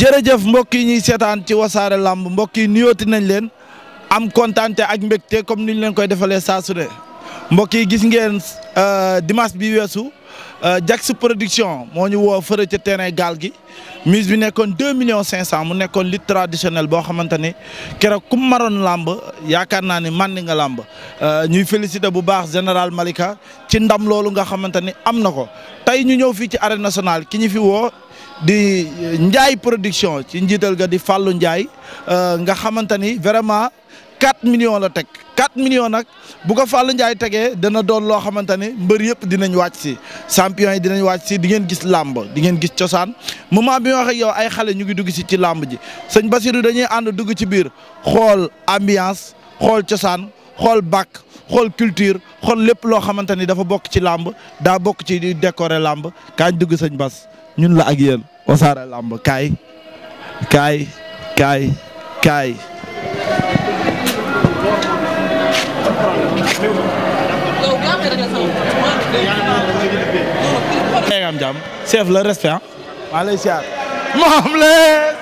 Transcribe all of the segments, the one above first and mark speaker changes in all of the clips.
Speaker 1: jërëjëf mbokk yi ñuy seetaan ci wasaare lamb mbokk yi nuyooti nañ leen am kontaante ak mbégte comme ni ñu leen koy defalee saa su mbokk yi gis ngeen euh, dimanche bi weesu euh, Jax production moo ñu woo fëra ca terrain gaal gi mise bi nekkoon deux millions cinq cent mu nekkoon lutte traditionnelle boo xamante ni keroog ku maroon làmb yaakaar naa ni man nga làmb euh, ñuy félicité bu baax général Malika ci ndam loolu nga xamante ni am na ko tey ñu ñëw fii ci arène ki ñu fi woo di eh, njaay production ci njiital ga di Fallou Ndiaye euh, nga xamante ni vraiment 4 millions la teg 4 million nag bu ko Fallou Ndiaye tegee dana doon loo xamante ne mbër yëpp dinañ wàcc si champion yi dinañ wàcc si di ngeen gis làmb di ngeen gis cosaan moment bi ma wax yow ay xale ñu ngi dugg si ci làmb ji sëñ Basirou dañuy ànd dugg ci biir xool ambiance xool cosaan xool bakk xool culture xool lépp loo xamante ni dafa bokk ci làmb daa bokk ci di décorer làmb kaañ dugg sëñ Bas. ñun la ak yéen wasaare làmb kaay kaay kaay kaay. am jàmm chef la respect ah. maa lay siyaar. Mohamles.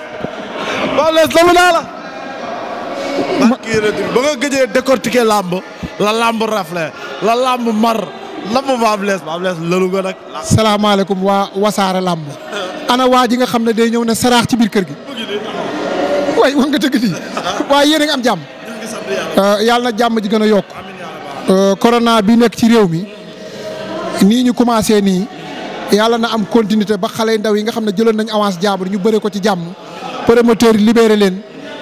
Speaker 1: Mohamles dama naa la. ba nga gëjee décortiquer làmb la làmb rafle la làmb mar. lamb Baab Lees Baab Lees lëlu nga nag. salaamaaleykum waa
Speaker 2: wasaare làmb ana waa ji nga xam ne day ñëw ne saraax ci biir kër gi. waay wax nga nii waaye yéen am jàmm. Euh, yàlla na jàmm ji gën a yokk. Euh, corona bi nekk ci réew mi nii ñu commencé nii yàlla na am continuité ba xale ndaw yi nga xam ne jëloon nañ avance jaabur ñu bëre ko ci jàmm. promoteur yi libéré leen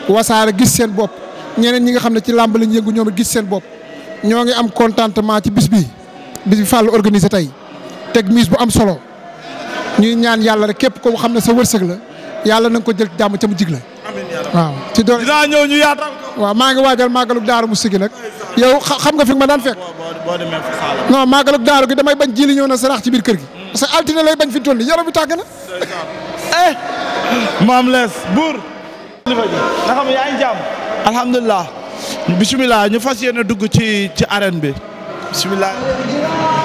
Speaker 2: wasaare gis seen bopp ñeneen ñi nga xam ne ci làmb lañ yëngu ñoom it gis seen bopp ñoo ngi am contentement ci bis bi Fall organisé tey teg mise bu am solo ñuy ñaan yàlla rek képp ko xam ne sa wërsëg la yàlla na nga ko jël jàmm ca mu jig la. waaw ci doon dinaa ñëw ñu yaatal waaw maa ngi waajal màggalug daaru mu sigi nag yow xam nga fi ma daan fekk. non màggalug daaru gi damay bañ ji li ñëw na saraax ci biir kër gi. Mm. parce que altine lay bañ fi toll
Speaker 1: yaram bi tàgg na. eh. maam lees buur. nga xam ne jàmm. alhamdulilah. bisimilah ñu fas yéene dugg ci ci arène bi. bisimilah.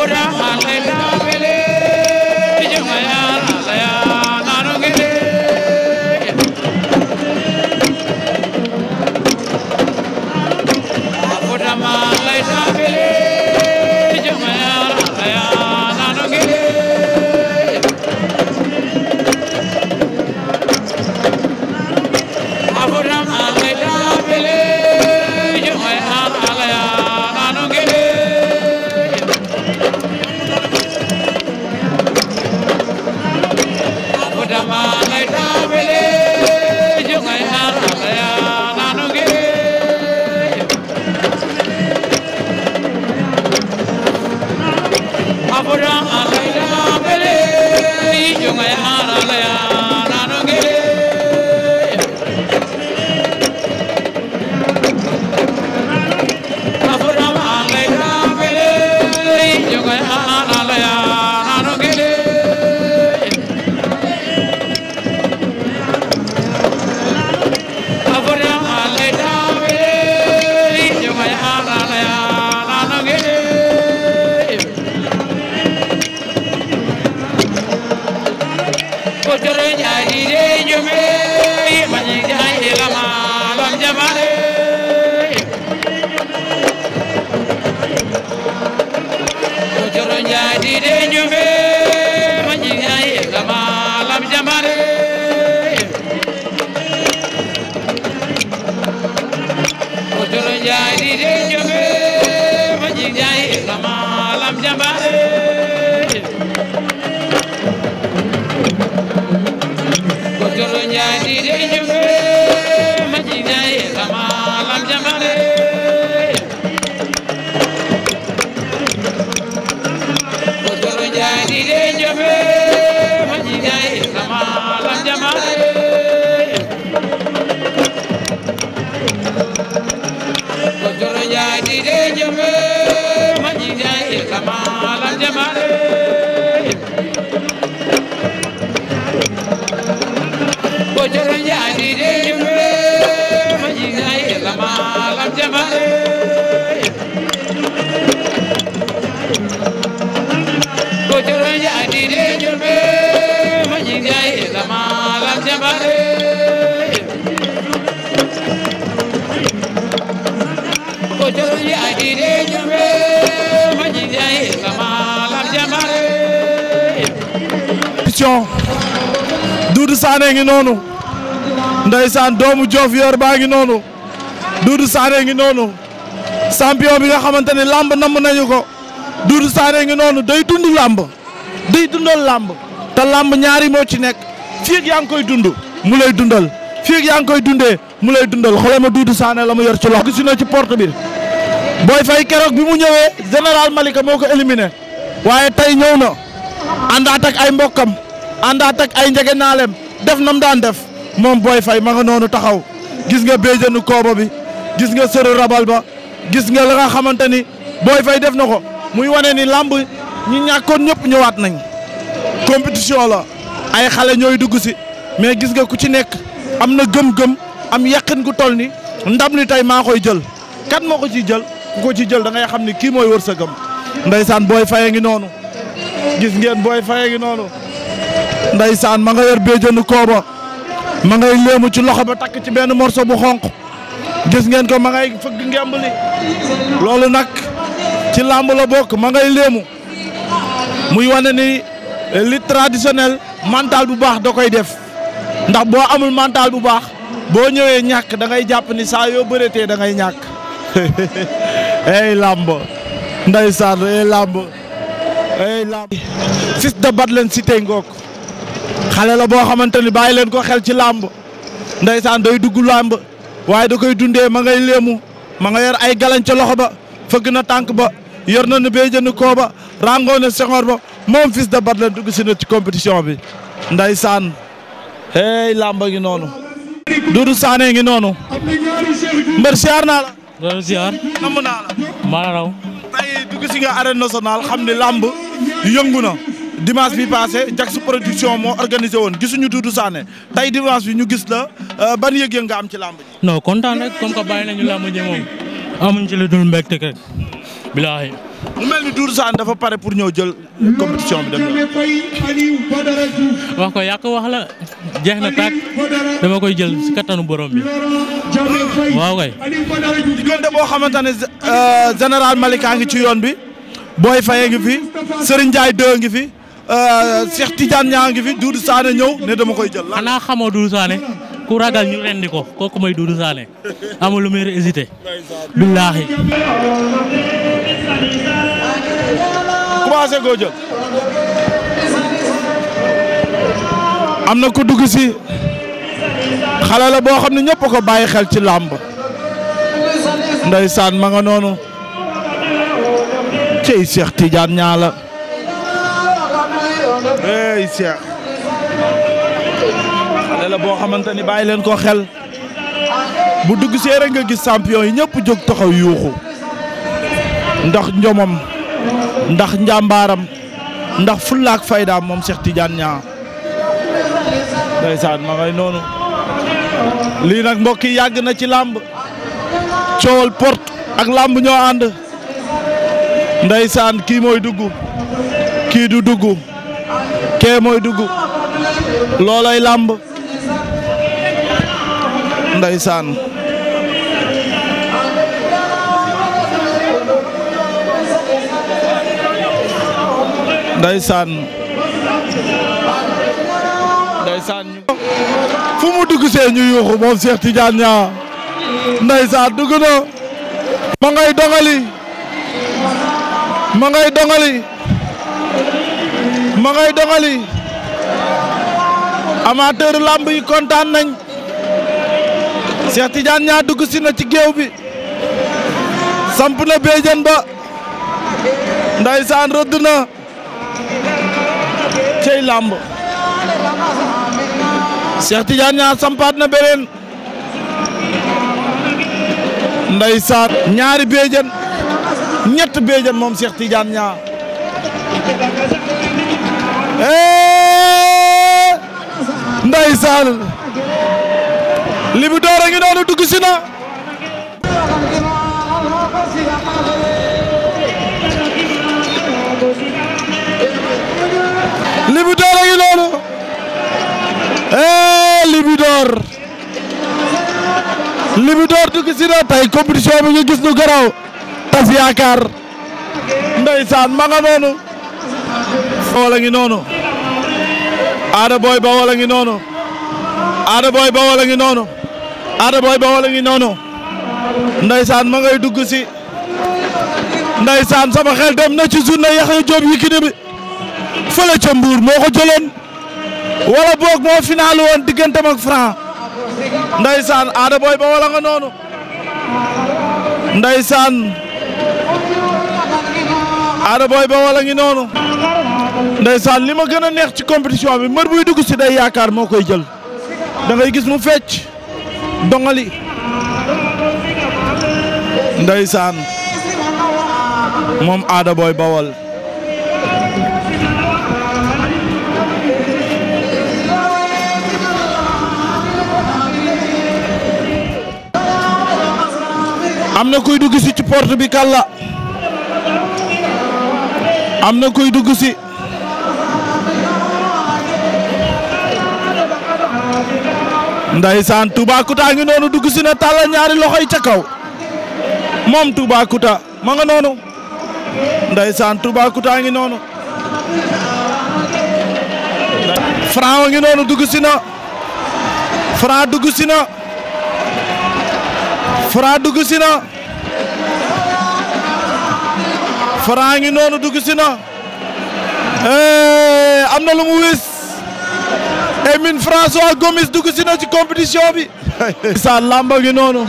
Speaker 3: Bora, Angela, Bele. dee ñu pion
Speaker 1: Doudou Sané ngi noonu ndeysaan doomu Joof yor baa ngi noonu Doudou Sané ngi noonu champion bi nga xamante ne làmb namm nañu ko Doudou Sané ngi noonu day dund làmb day dundal làmb te làmb ñaari moo ci nekk fii yaa ngi koy dund mu lay dundal fii ak yaa ngi koy dundee mu lay dundal xoolal ma Doudou Sané la mu yor ci loxo gis na ci porte bi booy fay keroog bi mu ñëwee général Malika moo ko éliminé waaye tey ñëw na àndaat ak ay mbokkam àndaat ay njegenaaleem def nam daan def moom booy fay ma nga noonu taxaw gis nga béjjënu kooba bi gis nga sëru rabal ba gis nga la nga xamante ni booy fay def na ko muy wane ni làmb ñi ñàkkoon ñëpp ñëwaat nañ compétition la ay xale ñooy dugg si mais gis nga ku ci nekk am na gëm-gëm am yàqin ku toll ni ndam li tey maa koy jël kat moo ko ciy jël ku ko ci jël dangay xam ni kii mooy sa wërsëgam ndaysaan booy faye ngi noonu gis ngeen booy faye ngi noonu ndaysaan ma nga yor béjjënd kooba ma ngay léemu ci loxo ba takk ci benn morso bu xonq gis ngeen ko ma ngay fëgg ngemb li loolu nag ci làmb la bokk ma ngay léemu muy wane ni li traditionnel mental bu baax da koy def ndax boo amul mental bu baax boo ñëwee ñàkk da ngay jàpp ni saa yoo bëreetee da ñàkk ey làmb ndeysaan ey làmb ey làmb Fils de Batlen Siteu ngoog xale la boo xamante ni bàyyi leen ko xel ci làmb ndeysaan day dugg làmb waaye da koy dundee ma ngay léemu ma nga yor ay galañ ca loxo ba fëgg na tànk ba yor na nu béy jënd koo ba ràngoo na sengoor ba moom Fils de Batlen dugg si na ci compétition bi ndeysaan ey làmb ngi noonu Doudou Sané ngi noonu mbër siyaar naa loolu ziar. namm naa la. maa raw. tey dugg si nga arène nationale xam ne làmb yëngu na dimanche bi passé Jax production moo organisé woon gisuñu Doudou Sané tey dimanche bi ñu gis la euh, ban yëg-yëg nga am ci làmb ji.
Speaker 4: non kontaan rek comme que bàyyi nañu làmb ji moom amuñ ci lu dul mbégte rek bilaahi
Speaker 1: mu mel ni Doudou Sane dafa pare pour ñëw jël compétition bi dem wax ko yàq wax la
Speaker 4: jeex na tàkk dama koy jël si kattanu borom bi waaw kay.
Speaker 1: diggante boo xamante ne euh, général Malika ngi ci yoon bi booy fayee ngi fi Serigne Ndiaye 2 ngi fi euh, Cheikh Tidiane Niang ngi fi Doudou Sane ñëw ne dama koy
Speaker 4: jël. xanaa xamoo Doudou Sane. ku ragal ñu rendi ko kooku mooy Doudou Sané amul lu muy hésité
Speaker 1: billaahi commencé goo jël am na ko dugg si xale la boo xam ne ñëpp ko bàyyi xel ci làmb ndeysaan ma nga noonu cey Cheikh Tidiane ñaa la boo xamante ni bàyyi leen ko xel bu dugg see rek nga gis champion yi ñëpp jóg taxaw yuuxu ndax njomam ndax njàmbaaram ndax fullaak faydaam moom Cheikh Tidiane Niang ndeysaan ma ngay noonu lii nag mbokk yi yàgg na ci làmb coowal porte ak làmb ñoo ànd ndeysaan kii mooy dugg kii du dugg kee mooy dugg loolay làmb ndeysaan ndeysaan ndeysaan fu mu dugg see ñu yuuxu moom Cheikh Tidiane Niang ndeysaan dugg ma ngay dongali ma ngay dongali ma ngay lamb yi kontaan nañ Cheikh Tidiane ñaa dugg si ci géew bi samp na béjjën ba ndaysaan rëdd na cey làmb Cheikh Tidiane ñaa sampaat na beneen ndaysaan ñaari béjjën ñett béjjën moom Cheikh Tidiane ñaa ndaysaan ngi noonu dugg si na
Speaker 3: Libidor a ngi
Speaker 1: eh, bi nga gis nu garaw tas yaakaar ndeysaan ma nga noonu Bawol a ngi noonu Ada Boy Bawol ngi noonu Ada Boy Bawol a ngi noonu Ada Boy Baol a ngi noonu ma ngay dugg si ndaysaan sama xel dem na ci journée Yaxya Joob Yékini bi fële ca Mbuur moo ko jëloon wala boog moo final woon digganteem ak Franc ndaysaan Ada Boy Baol a noonu ndaysaan Ada li ma gën a neex ci compétition bi mbër buy dugg si day yaakaar moo koy jël da gis mu fecc dongali ndaysaan moom aada booy bawal am na kuy dugg si ci porte bi kàlla am na kuy dugg si Ndeysaan Toubacouta ngi noonu dugg si na tàlla ñaari loxo yi ca kaw moom Toubacouta ma nga noonu Ndeysaan Toubacouta ngi noonu. Franc ngi noonu dugg si na Franc dugg si na Franc dugg si na ngi noonu dugg si am na lu mu wis. Emine François Gomis dugg si na ci compétition bi. sa lamba ngi noonu.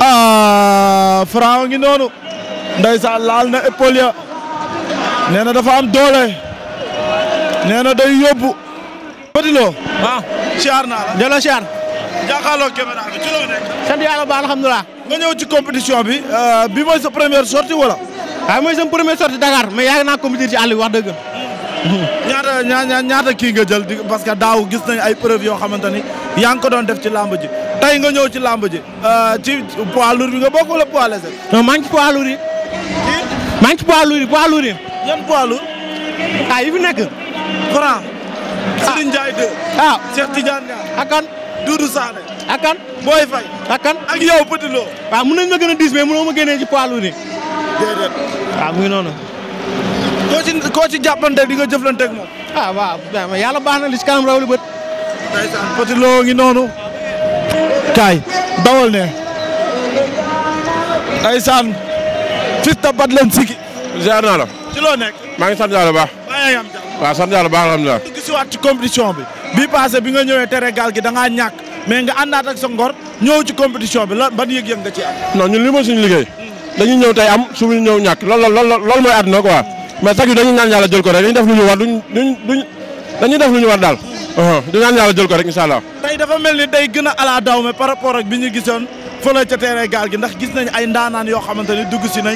Speaker 1: ah Franc ngi noonu. ndeysaan laal na épaule ya. nee na dafa am doole. nee na day yóbbu. Petit Lo. ah. siyaar naa la delloo siyaar. jàkkaarloo caméra bi ci loo nekk. sant yàlla ba alhamdulilah. nga ñëw ci compétition bi. Euh, bi mooy sa première sortie wala. waaw ah, mooy sa première sortie Dakar mais naa compétir ci àll bi wax dëgg. ñaata ñaata ñaata kii nga jël parce que daaw gis nañ ay preuve yoo xamante ni yaa ngi ko doon def ci làmb ji tey nga ñëw ci làmb ji euh, ci poids bi nga bokk wala poids léger. non maa ngi ci poids lourd yi. maa ngi ci poids lourd yi poids lourd yi. yan poids lourd. ah yi fi nekk. Franc. Ah. Serigne Ndiaye 2. ah Cheikh Tidiane Niang. ak kan. Doudou Sané. ak kan. Boy Faye. ak kan ak yow Petit Lo. waaw ah, mën nañ ma gën a diis mais mënoo ma génnee ci poids lourd yi. déedéet. waaw ah, mu ngi noonu. koo ci koo ci jàppante di nga jëflante ak moom. ah waaw yàlla baax na li ci kanam raw li ngi noonu. kaay dawal ne. ndeysaan. fils de bat leen sigi. la. ci loo nekk. maa ngi sant yàlla bu baax. waaw sant yàlla bu baax alhamdulilah. di gisiwaat ci compétition bi. bii passé bi nga ñëwee tere gal gi danga ngaa ñàkk mais nga àndaat ak sa ngor ñëw ci compétition bi la ban yëg-yëg ci am. non ñun li mooy suñu liggéey. Hmm. dañuy ñëw tay am suñu ñëw ñàkk lool lool lool lool mooy àdduna quoi. mais tag yi dañu ñaan yàlla jël ko rek dañu def lu ñu war duñ duñ duñ dañuy def lu ñu war daal uh-huh. du ñaan yàlla jël ko rek incha allah tey dafa mel ni day gën a ala daw mais par rapport ak bi ñu gisoon fële ca terrain gaal gi ndax gis nañ ay ndaanaan yoo xamante ni dugg si nañ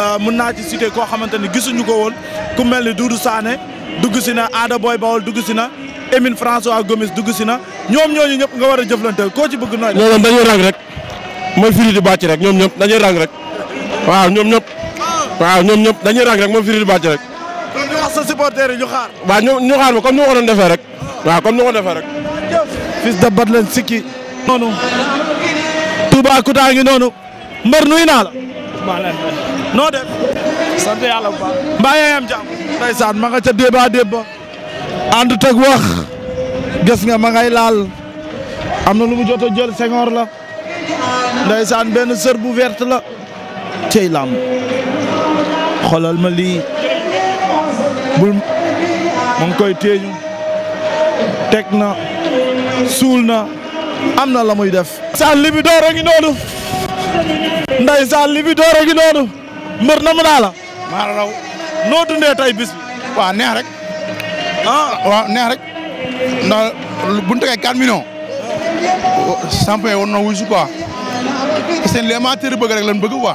Speaker 1: uh, mun naa ci cité koo xamante ni gisuñu ko woon ku mel ni Doudou Sané dugg si na Ada Boy Bawol dugg si na Emine François Gomis dugg si na ñoom ñooñu ñëpp nga war a jëflante koo ci bëgg nooy ñoom dañuy rang rek mooy firi di bàcc rek ñoom ñëpp dañuy rang rek waaw ñoom ñëpp waaw ñoom ñëpp dañuy rang rek moom firil bàcc rek. kon ñu wax sa supporter yi ñu xaar. waaw ñu ñu ko doon defee rek. waaw comme ni ma ko defee rek. fils naa la. noo def. sant yàlla bu baax. mbaa yaa ngi am ma nga ca débat teg wax. gis nga ma laal. am na lu mu jot a jël sengoor la. ndeysaan benn sër bu verte la. cey làmb xoolal ma lii bul mu koy téeñu teg na suul na am na la muy def saan li bi door a ngi noonu
Speaker 3: nday saan li a ngi noonu
Speaker 1: mbër na mu naa la maa la raw noo dundee tey bis bi neex rek ah. neex rek ndax bu ñu tegee 4 millions champion war na wuy si quoi seen li amateur bëgg rek lan bëgg quoi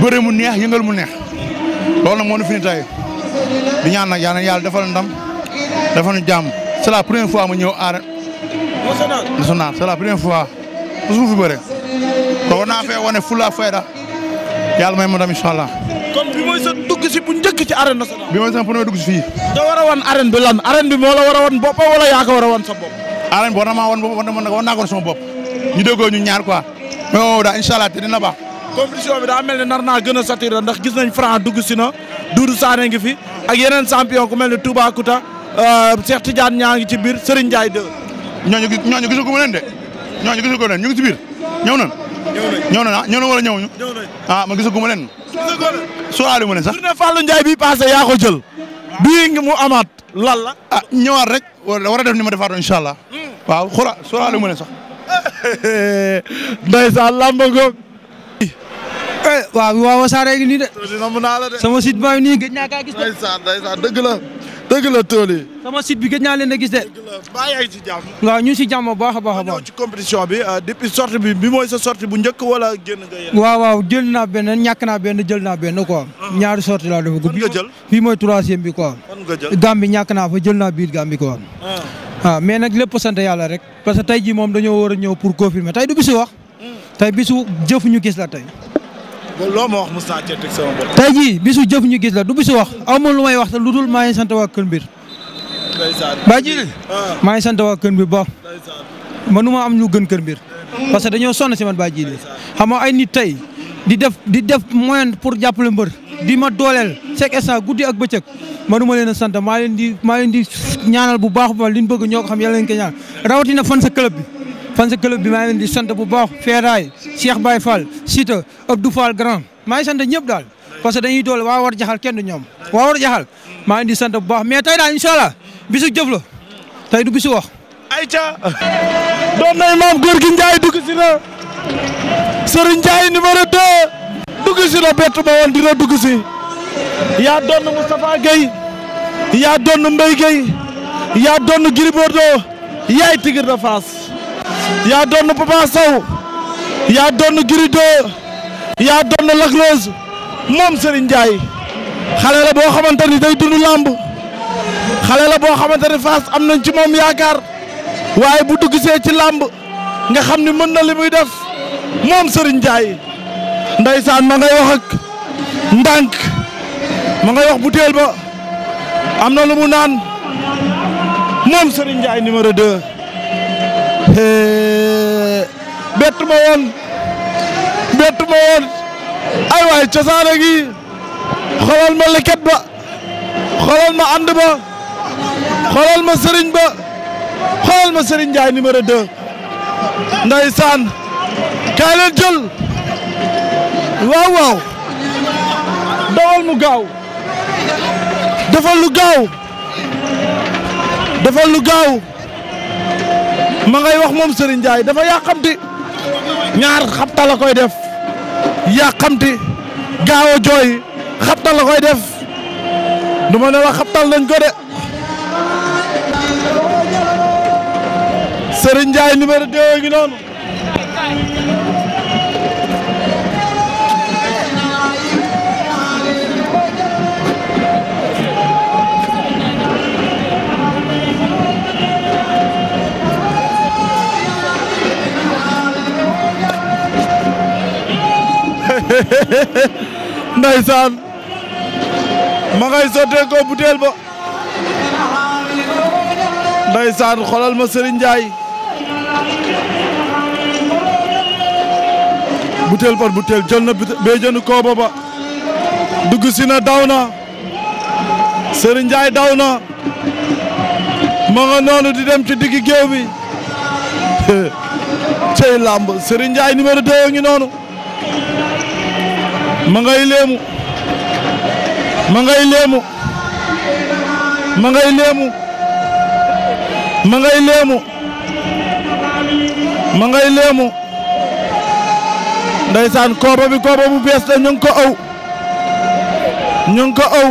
Speaker 1: bëre mu neex yëngal mu neex loolu nag moo ñu fi ni tey di ñaan nag yàlla na yàlla ndam defal ñu jàmm c'est la première fois ma ñëw aar. national national c'est la première fois mosuma fi bëre. kon war naa fee wane fula fayda yàlla may ma ndam incha allah. kon bi mooy sa dugg si bu njëkk ci arène nationale. bi mooy sa premier dugg si fii. nga war a wan arène bi lan arène bi moo la war a wan boppam wala yaa ko a wan sa bopp. arène bi war maa wan boppam war ma war naa ko wan sama bopp ñu déggoo ñaar quoi mais oh, oh, compétition bi daa mel ni nar naa gën a saturé ndax gis nañ Franc dugg si na Doudou Sané ngi fi ak yeneen champion ku mel ni Toubacouta euh, Cheikh Tidiane ñaa ngi ci biir Serigne Ndiaye 2. ñooñu gis ñooñu ko mu leen de ñooñu gisul ko leen ñu ngi ci biir ñëw nañ. ñëw nañ ñëw nañ ah, wala ñëw ñu. ah man gisul ko mu leen. gisul ko leen leen sax. tournée Fallou Ndiaye bii passé yaa ko jël. bii ngi la. ah ñëwaat rek war a def ma
Speaker 5: defaatoo incha allah. Hmm. waaw xoolal sóoraale mu leen sax. lamba ngoog Eh, waaw waaw Wassare ngi nii de. Tony sama site baa nii gëj naa kaa gis. ndeysaan ndeysaan dëgg la dëgg la Tony. sama site a gis de. waaw ñu ngi ci jàmm baax a baax a baax. ñëw ci compétition bi euh,
Speaker 1: depuis sortie bi
Speaker 5: bi mooy sa sortie bu njëkk wala génn nga yéen. waaw waaw jël naa benn ñàkk naa benn jël naa benn quoi. Uh-huh. ñaari sortie laa def. fan nga jël bii mooy troisième bi quoi. fan nga jël Gambie ñàkk naa fa jël naa biir Gambie quoi. waaw uh-huh. ah, mais nag yàlla rek parce que tey moom dañoo war a ñëw pour confirmer du bisu wax hmm. tey bisu jëf ñu gis la tey
Speaker 1: loo ma wax mos naa cee teg sama bopp.
Speaker 5: tey jii bisu jëf ñu gis la du bisu wax amul lu may wax te lu dul maa ngi sant waa Kër Mbir. ba ji ah. maa ngi sant waa Kër Mbir ba manuma am ñu gën Kër Mbir mm. parce que dañoo sonn si man ba ji xam nga ay nit tey di def di def moyen pour jàppale mbër di ma dooleel chaque instant guddi ak bëccëg manuma leen a sant maa leen di maa leen di ñaanal bu baax ba li ñu bëgg ñoo xam yàlla leen ñaan rawatina fan sa club bi. fan sa club bi maa ngi leen sant bu baax Feeraay Cheikh Baye Fall Sita Abdou Fall Grand maa ngi sant ñëpp daal parce que dañuy doole waa war jaxal kenn du ñoom waa war jaxal maa ngi di sant bu baax mais tey daal incha allah bisu jëf du bisu wax. ayca doon nay maam góor gi Ndiaye dugg si na
Speaker 1: Serigne Ndiaye numéro dugg si na bett ba woon dina dugg si yaa doon Moustapha Gueye yaa doon Mbaye Gueye yaa doon Gris Bordeaux yaay Tigre de Fass. yaa doon Papa Sow yaa doon Gris 2 yaa doon Lac moom Serigne Ndiaye xale la boo xamante ni day dund làmb xale la boo xamante ni am nañ ci moom yaakaar waaye bu duggsee ci làmb nga xam ni mën na li muy def moom Serigne Ndiaye ndeysaan ma ngay wax ak ndànk ma ngay wax butéel ba am na lu mu naan moom Serigne Ndiaye numéro 2. bett ma woon bett ma woon ay waay cosaan a ngi xoolal ma leket ba xoolal ma ànd ba xoolal ma sëriñ ba xoolal ma sëriñ Ndiaye numéro 2 ndeysaan kaay leen jël waaw waaw dawal mu gaaw defal lu gaaw defal lu gaaw ma ngay wax moom Serigne Ndiaye dafa yàqamti ñaar xabta la koy def yàqamti gaaw a jooy xabta la koy def du ma ne wax xabtal nañ ko de Serigne Ndiaye numéro 2 ngi noonu ndeysaan ma ngay sottee ko butéel ba ndeysaan xoolal ma Serigne Ndiaye butéel par butéel jël na béjjënu kooba ba dugg si na daw na Serigne daw na ma nga noonu di dem ci digg géew bi cey làmb Serigne Ndiaye numéro 2 noonu ma ngay léemu ma ngay léemu ma ngay léemu ma ngay léemu ma ngay léemu ndeysaan kooba bi kooba bu bees la ñu ngi ko aw ñu ngi ko aw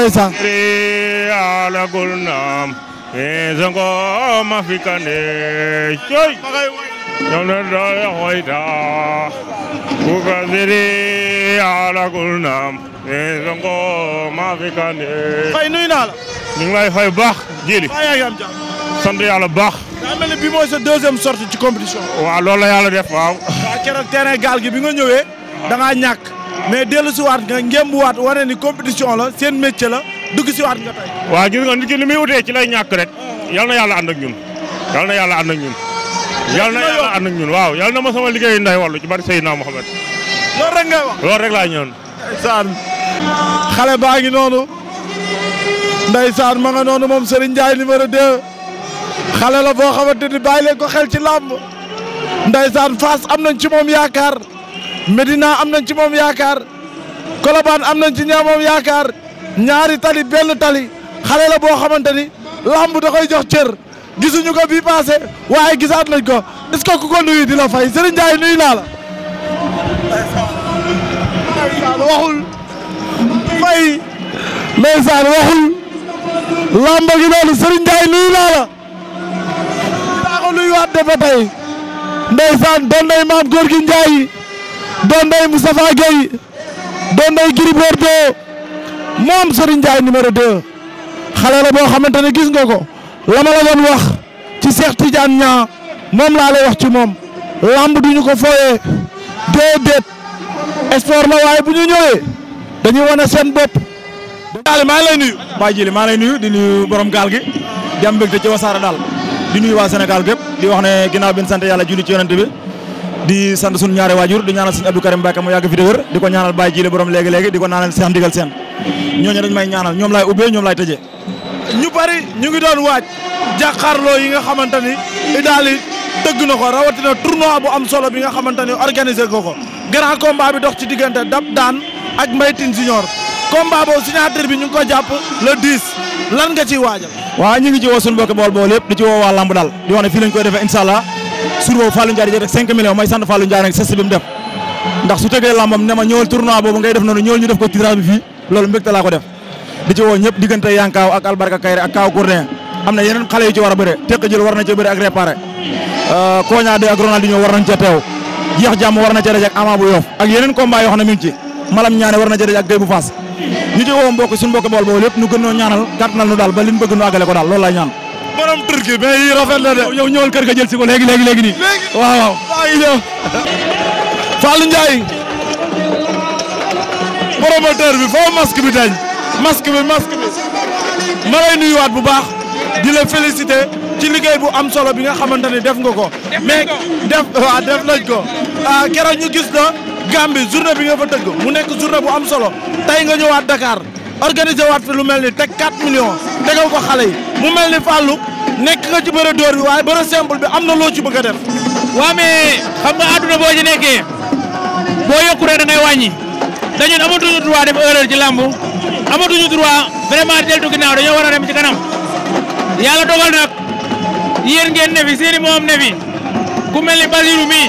Speaker 1: ndeysaan
Speaker 3: alagul naam ezango mafikane coy ñono daya hoyta kukasiri alagul naam ezango mafikane
Speaker 1: fay nuy naa la ñu ngi lay fay baax jili sant yàlla baax daa mel ni bi mooy sa deuxième sortie ci compétition waaw loolu la yàlla def waaw waaw keroog gaal gi bi nga ñëwee da mais dellu si waat nga ngémbuwaat wane ni compétition la seen métier la dugg si waat nga tey. waaw gis nga nit ki li muy utee ci lay ñàkk rek yal na yàlla ànd ak ñun yal na yàlla ànd ñun. yal na yàlla ànd ñun waaw yal na ma sama liggéeyu nday wallu ci bari Seydina Mohamed. loolu rek ngay rek laa ñëwoon. ndeysaan xale baa ngi noonu ndeysaan ma nga noonu moom Serigne Ndiaye numéro 2 xale la boo xamante ni bàyyi leen ko xel ci làmb ndeysaan Fass am nañ ci moom Medina am nañ ci moom yaakaar Colobane am nañ ci ñaa moom yaakaar ñaari tali benn tali xale la boo xamante ni lamb da koy jox cër gisuñu ko bii passé waaye gisaat nañ ko est-ce ku ko nuyu di la fay Serigne Ndiaye nuyu naa waxul fay ndeysaan waxul lamba gi noonu Serigne Ndiaye nuyu naa daa ko nuyuwaat de ba tey ndeysaan doon nay maam góor gi Ndiaye doom day Moustapha Gueye doom day Gris Bordeaux moom Serigne Ndiaye numéro 2 xale la boo xamante ne gis nga ko la ma la doon wax ci Cheikh Tidiane Niang moom laa wax ci moom lamb duñu ko fooyee déedéet sport la waaye bu ñu ñëwee dañuy wane seen bopp. daal maa ngi lay nuyu. Baye Jili maa lay nuyu di nuyu borom gaal gi jàmm mbégte ci wasaare daal di nuyu waa Sénégal gépp di wax ne ginnaaw bi ñu sant yàlla julli ci yonent bi. di sant suñu ñaari waajur di ñaanal sëñ Abdou Karim Mbacke mu yàgg fi dëgër di ko ñaanal Baye Jile borom léegi-léegi di ko ñaanal Cheikh Ndigal Sène ñooñu dañ may ñaanal ñoom laay ubbee ñoom laay tëjee ñu bari ñu ngi doon waaj jàkkaarloo yi nga xamante ni idaali dëgg na ko rawatina tournoi bu am solo bi nga xamante ni organisé ko ko grand bi dox ci diggante Dab Daan ak Mbaye Tine Junior combat boobu signature bi ñu ngi ko jàpp le 10 lan nga ci woo suñu sur boobu Fallou Ndiaye di jël rek 5 millions may sant Fallou Ndiaye rek sess bi mu def ndax su tegee lambam ne ma ñëwal boobu ngay def noonu ñëwal ñu def ko tirage bi fii loolu mbégte laa ko def di ci woo ñëpp diggante Yankaaw ak Albarka Kayre ak Kaaw Gourdin am na yeneen xale yu ci war a bëre teq jël war na ci bëre ak réparé euh, Koña de ak Ronaldinho war nañ ca teew jeex jàmm war na ca ak Ama bu Yoff ak yeneen combat yoo xam ne mi ci malam ñaane war na ca ak Guèye bu Faas ñu ci borom turki mais yi rafet na de. yow ñëwal kër ga jël si ko léegi léegi léegi nii. waaw waaw maa ngi ñëw. Fallou Ndiaye. bi foo masque bi dañ. masque bi masque bi. ma lay nuyuwaat bu baax. di la féliciter ci liggéey bu am solo bi nga xamante ne def nga ko. mais def waaw def nañ ko. ah ñu gis na Gambie journée bi nga fa dëgg mu nekk journée bu am solo tey nga ñëwaat Dakar organiser waat fi lu mel ni teg 4 millions tegal ko xale yi mu mel ni Fallou nekk nga ci bëre door bi waaye bëre simple bi
Speaker 4: am na loo ci bëgg a def. waa mais xam nga àdduna boo ci nekkee boo yokku rek da ngay wàññi dañu amatuñu droit def erreur ci làmb amatuñu droit vraiment deltu ginnaaw dañoo war a dem ci kanam yàlla dogal nag yéen ngeen ne fi seeni moom ne fi ku mel ni Basiru mii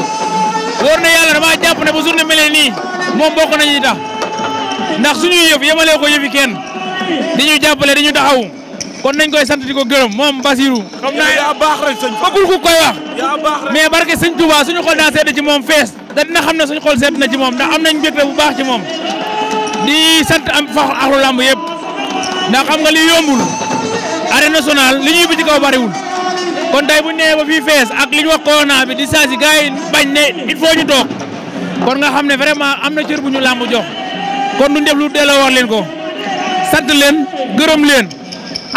Speaker 4: wóor na yàlla dama jàpp ne bu journée mel nii moom bokk nañu tax ndax suñuy yëf yemalee ko yëfi kenn di ñu jàppale di ñu taxaw. kon nañ koy sant di ko gërëm moom Basirou. xam naa yaa baax rek sëñ bëggul ku koy wax. yaa baax rek mais barke sëñ suñu xol daa sedd ci moom fees. da dina xam ne suñu xol sedd na ci moom ndax am nañ mbégte bu baax ci moom. di sant am faxu axlu làmb yëpp. ndax xam nga li yombul. arène nationale li ñuy bi ci kaw bariwul. kon tey bu nee ba fii fees ak li ñu wax corona bi di saa si gars yi bañ ne il faut ñu toog. kon nga xam ne vraiment am na cër bu ñu làmb jox. kon duñ def lu delloo wax leen ko. sant leen gërëm leen.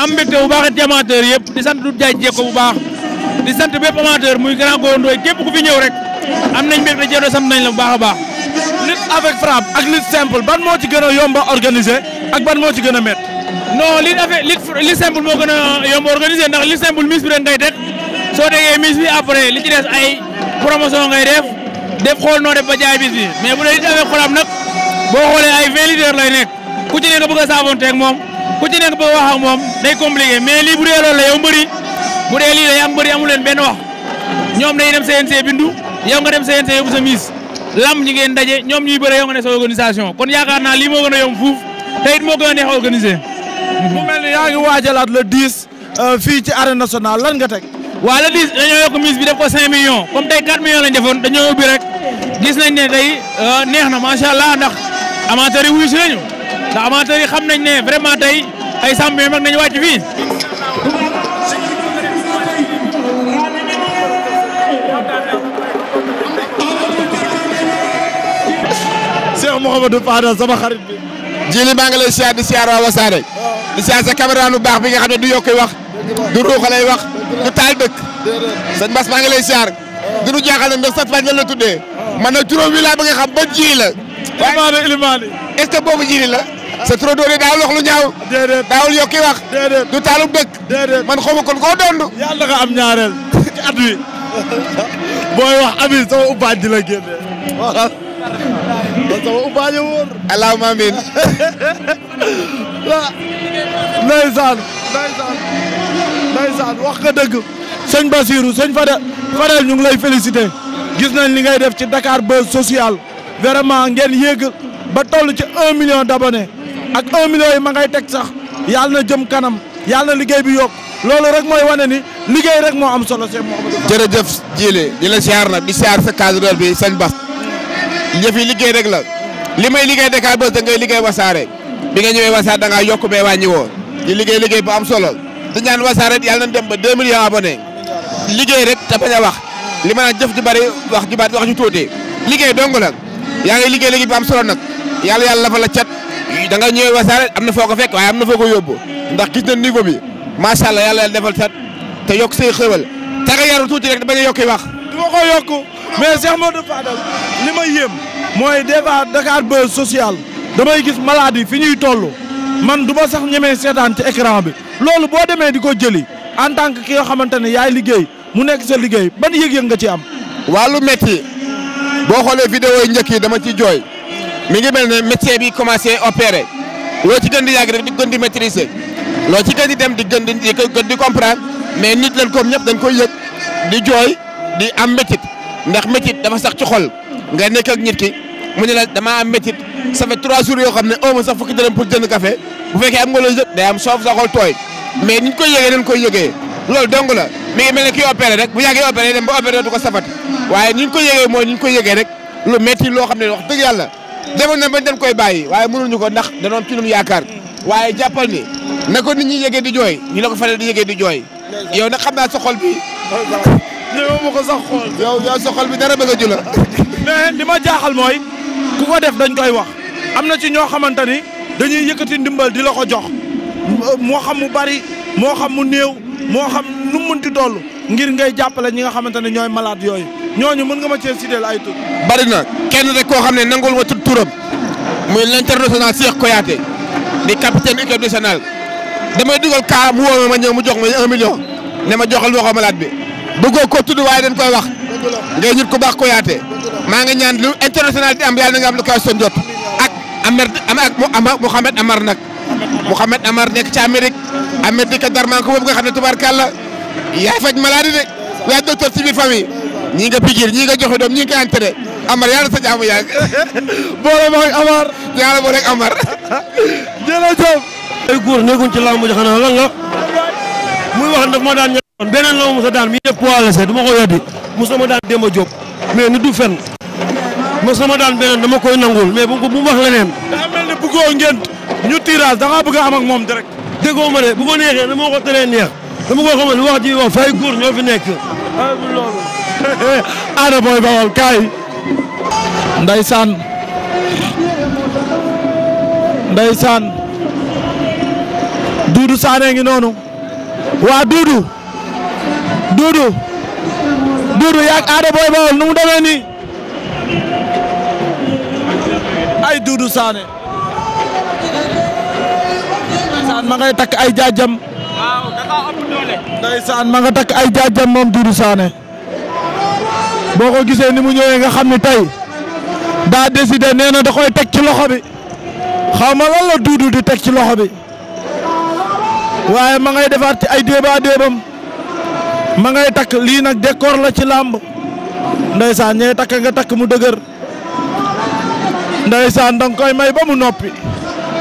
Speaker 4: am mbégte bu baax ci amateur yëpp di sant du jaay jéego bu baax di sant bépp amateur muy grand Gora Ndoye képp ku fi ñëw rek am nañ mbégte jéego sant nañ la bu baax a baax. lutte avec frappe ak lutte simple ban moo ci gën a yomb organise organiser ak ban moo ci gën a métti. non lutte avec lutte simple moo gën a yomb a organiser ndax lutte simple mise bi ren ngay teg soo déggee mise bi après li ci des ay promotion ngay def def xool noo def ba jaay bis bi mais bu dee lutte avec frappe boo xoolee ay vingt litres lay nekk ku ci ne nga bëgg a moom. ku ci nekk ba wax ak moom day compliqué mais lii bu dee loolu la yow mbëri bu dee lii la yaa mbëri amu leen benn wax ñoom day dem CNC bindu yow nga dem CNC yóbbu sa mise lam ñi ngeen daje ñoom ñuy bëre yow nga ne sa organisation kon yaakaar na lii moo gën a yomb fuuf te it moo gën a neex a yaa ngi waajalaat le 10 euh, fii ci arène nationale lan nga teg. waa le 10 dañoo yokk mise bi def ko million millions comme tey 4 millions lañ defoon dañoo ubbi rek gis nañ ne tey euh, neex na macha allah ndax amateurs yi wuyu te amateurs xam nañ ne vraiment tey ay champion mag nañu wàcc fii.
Speaker 2: Cheikh Mouhamadou Fadal sama xarit bi. jili maa ngi lay siyaar di siyaar waa Wassare. di siyaar sa caméra bu baax bi nga xam ne du yokk wax. du ruux wax. du taal dëkk. sëñ Bass maa ngi lay siyaar. du nu jaaxal ne ndax sat fan la tuddee. man na juróom wi laa ba xam ba ji la. waaye vraiment de Ilimani. est ce que boobu ji la. sa turandoo daawul wax lu ñaaw. déedéet daawul yokki wax. déedéet du taalum dëkk. déedéet man xaw kon koo dond. yàlla nga am ñaareel ci at wi
Speaker 1: booy wax amin sama ubbaaj di la génne. waaw man ubbaaj a wóor. allahumma amiin. ah. ndeysaan. ndeysaan. ndeysaan wax nga dëgg. sëñ Basirou sëñ Fadel. Fadel ñu ngi lay félicité. gis nañ li ngay def ci dakaar Buzz social. vraiment ngeen yéeg ba toll ci un million d' ak 1 million yi ma ngay teg sax yàlla na jëm kanam yàlla na liggéey bi yokk loolu rek mooy wane ni liggéey rek moo am solo Cheikh Mouhamadou Ba. jërëjëf Jile di la siyaar nag di siyaar sa cadre bi sëñ Bass. yëf yi liggéey rek la
Speaker 2: li may liggéey Dakar Buzz da ngay liggéey wasaare bi nga ñëwee wasaare da ngaa yokk mais wàññi woo di liggéey liggéey bu am solo di ñaan wasaare yàlla na dem ba 2 millions abonnés liggéey rek ta bañ a wax li ma naan jëf ju wax ju bari wax ju tuuti liggéey dong la yaa ngi liggéey liggéey bu am solo nag yàlla la fa la cat da nga ñëwee wasaare am na foo ko fekk waaye am na foo ko yóbbu ndax gis na niveau bi macha allah yàlla defal sa te yokk say xéwal te nga yaru tuuti rek
Speaker 1: bañ a yokki wax. du ma ko yokk mais Cheikh Modou Fadal li ma yéem mooy des fois Dakar Buzz social damay gis maladie fi ñuy toll man du ma sax ñemee seetaan ci écran bi loolu boo demee di ko jëli en tant que ki nga xamante ne yaay liggéey mu nekk sa liggéey ban yëg-yëg nga ci am. wàllu métti boo xoolee vidéo yi njëkk dama ci jooy.
Speaker 2: mi ngi mel ne métier bi commencé opérer loo ci gën di yàgg rek di gën di maîtriser loo ci gën di dem di gën di di gën di comprendre mais nit leen comme ñëpp dañ koy yëg di jooy di am métit ndax métit dama sax ci xol nga nekk ak nit ki mu ne la damaa am métit ça trois jours yoo xam ne aw ma sax fukki dërëm pour jënd café bu fekkee am nga loolu yëpp day am soof sa xol tooy mais niñ koy yëgee dañ koy yëgee loolu dong la mi ngi mel ne kii opéré rek bu yàggee opéré dem ko safat waaye niñ koy yëgee mooy niñ koy yëgee rek lu métti loo xam ne wax dëgg yàlla demoon na bañ dañ koy bàyyi waaye mënuñu ko ndax danoon ci ñun yaakaar waaye jàppal ni na ko nit ñi yëgee di jooy ñu la ko faral di yëgee di jooy yow na xam naa sa bi ñëw
Speaker 1: ma ko sax xool yow yow sa bi dara bëgg a jula mais li ma jaaxal mooy ku ko def dañ koy wax am na ci ñoo xamante ni dañuy yëkkati ndimbal di la ko jox moo xam mu bari moo xam mu néew moo xam nu mu munti doll ngir ngay jàppale ñi nga xamante ne ñooy malade yooyu ñooñu mën nga ma cee sideel ay tur. bari na kenn rek koo xam ne nangul ma tudd
Speaker 2: turam muy l'international Cheikh Kouyaté di capitaine équipe nationale damay dugal kaa mu woo ma ñëw mu jox ma 1 million ne ma joxal waxoo malaat bi bëggoo ko tudd waaye dañ koy wax ngay ñut ku baax Kouyaté maa ngi ñaan lu international di am yàlla na nga am lu kaw seen jot ak Amer ak Mouhamed Amar nag Mouhamed Amar nekk ci Amérique boobu nga xam ne tubaarkàlla yaay faj maladie de yaay docteur ci ñii nga pikir ñii nga joxe doom ñii nga entraîné Amar yàlla sa jaamu yàgg
Speaker 1: boole ma ak Amar yàlla boole ak Amar jërëjëf ay góor nekkuñ ci lamb
Speaker 4: ji xanaa lan la muy wax daf ma daan ñett yoon beneen la ma mos a daan mi def poids léger du ma ko weddi mos ma daan Demba Diop mais ni du fen mos ma daan beneen dama koy nangul
Speaker 1: mais bu mu wax leneen daa mel ni bëggoo ngeen ñu tirage da ngaa bëgg moom direct déggoo ma de bu ko neexee dama ko teree neex dama ko xamal wax ji wax fay góor ñoo fi nekk Ada Boy Baol kaay ndeysaan ndeysaan Duudu Saane ngi noonu waa Duudu Duudu Duudu yaak Ada Boy Baol nu mu demee nii ay Duudu Saane ndeysaan ngay takk ay jaajam waaw da nga takk ay jaajam moom Duudu Saane boo ko gisee ni mu ñëwee nga xam ni tey daa décidé nee na da koy teg ci loxo bi xaw ma lan la duudu di teg ci loxo bi waaye ma ngay defaat ci ay déeba déebam ma ngay takk lii nag décor la ci làmb ndeysaan ñee takk nga takk mu dëgër ndeysaan danga koy may ba mu noppi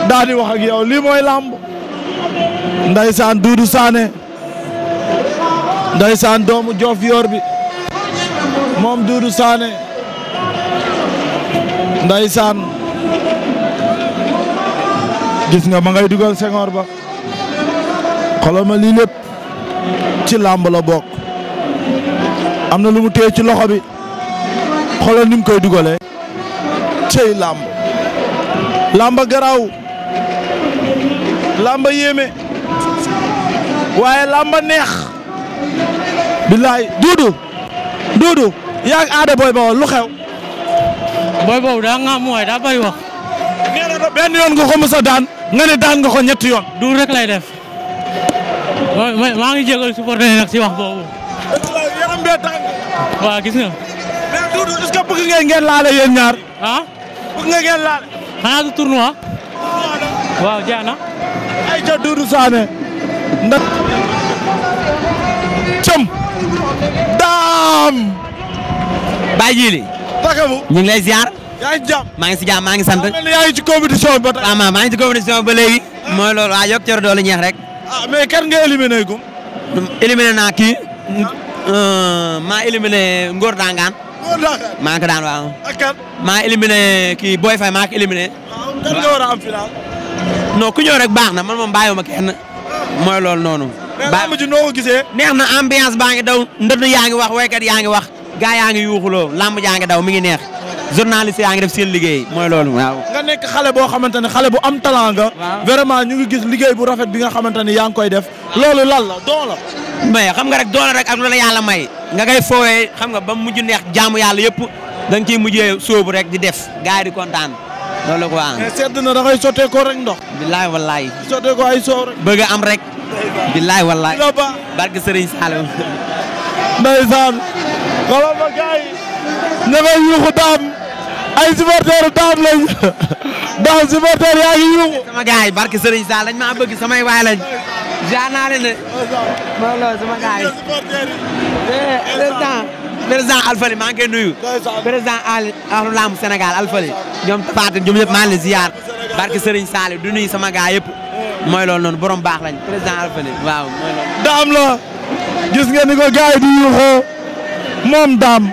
Speaker 1: daa di wax ak yow lii mooy làmb ndeysaan duudu saane ndeysaan doomu Diofior bi moom Doudou Sané ndeysaan gis nga ma ngay dugal sengoor ba xoolal ma lii ci làmb la bokk am na lu mu téye ci loxo bi xoolal ni mu koy dugalee cey làmb làmb garaw làmb yéeme waaye làmb neex billaay duudu duudu yaa ngi aada booy bawol lu xew. booy boobu daa nga am waay daa
Speaker 4: wax. benn yoon nga ko daan nga ne daan nga ko ñetti yoon. du rek lay def. maa ngi jégalu supporter yi nag si wax boobu.
Speaker 1: yaram bee tàng. waaw gis nga. mais Doudou ngeen laale yéen ñaar. ah. bëgg ngeen laale. xanaa du waaw jeex ay ca Doudou Sané.
Speaker 6: ndax. cëm. daam. Baye Djili. Takamu ñu ngi lay ziar. yaa ngi jàmm maa ngi si jàmm maa ngi sant. yaa ngi ci compétition ba tey. waaw maa ngi ci compétition ba léegi. Ah. mooy loolu waaw yokk cër doole ñeex rek. ah mais kan nga éliminé gum. éliminé naa kii. Euh, maa éliminé Ngor Dangaan. Ngor Dangaan maa ko daan waaw. ak kan maa éliminé kii Boy Faye maa ko éliminé. waaw kan nga war a am final. non ku ñëw rek baax na man moom bàyyiwuma kenn. mooy loolu noonu. baa mais làmb ji noo ko gisee. neex na ambiance baa ngi daw ndënd yaa ngi wax waykat yaa ngi wax. gaa yaa ngi yuuxuloo làmb jaa ngi daw mi ngi neex journaliste yaa ngi def seen liggéey mooy loolu waaw. nga nekk xale boo xamante ne xale bu am talent nga. ñu ngi gis liggéey bu rafet bi nga xamante ne yaa ngi koy def. loolu lan la doon mais xam nga rek doon la rek ak loolu la may. nga gay foowee xam nga ba mujj neex jaamu yàlla yëpp da nga ciy mujjee sóobu rek di def gars yi di kontaan loolu ko am. mais sedd na da ngay rek ndox. billaay wallaay. sotteekoo ay soow rek. bëgg am rek. billaay wallaay. barke Sëriñ Saalum. ndeysaan. xolal ma gars yi ña ngay yuuxu daam ay supporteru daam lañ daam supporter yaa ngi yuuxu sama gars barke Serigne Sall lañ maa bëgg samay waay lañ jaanaale ne ma lool sama gars yi président maa ngi koy nuyu président Ali ahlu lamb Sénégal Alfali ñoom Fatou ñoom ñëpp maa ngi leen ziar barke Serigne Sall du nuyu sama gars yëpp mooy loolu noonu borom baax lañ président Alfali daam la gis nga ni ko gars di yuuxoo moom dam